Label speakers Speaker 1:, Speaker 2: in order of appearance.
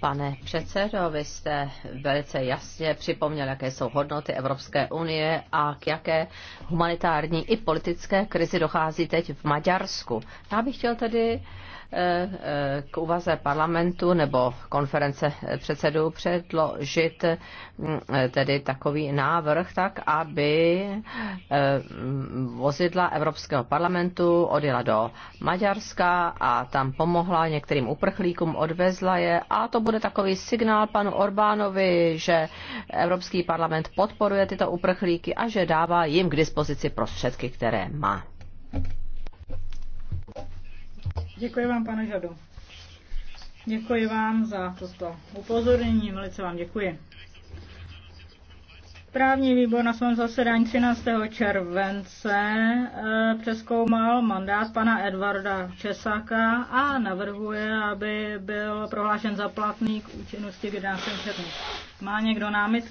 Speaker 1: Pane předsedo, vy jste velice jasně připomněl, jaké jsou hodnoty Evropské unie a k jaké humanitární i politické krizi dochází teď v Maďarsku. Já bych chtěl tedy uh, Eh, eh, k uvaze parlamentu nebo konference předsedů předložit mm, eh, tedy takový návrh, tak aby vozidla Evropského parlamentu odjela do Maďarska a tam pomohla některým uprchlíkům, odvezla je a to bude takový signál panu Orbánovi, že Evropský parlament podporuje tyto uprchlíky a že dává jim k dispozici prostředky, které má.
Speaker 2: Děkuji vám, pane Žadu. Děkuji vám za toto upozornění, velice vám děkuji. Právní výbor na svém zasedání 13. července eh, přeskoumal mandát pana Edvarda Česáka a navrhuje, aby byl prohlášen za platný k účinnosti 11. června. Má někdo námitku?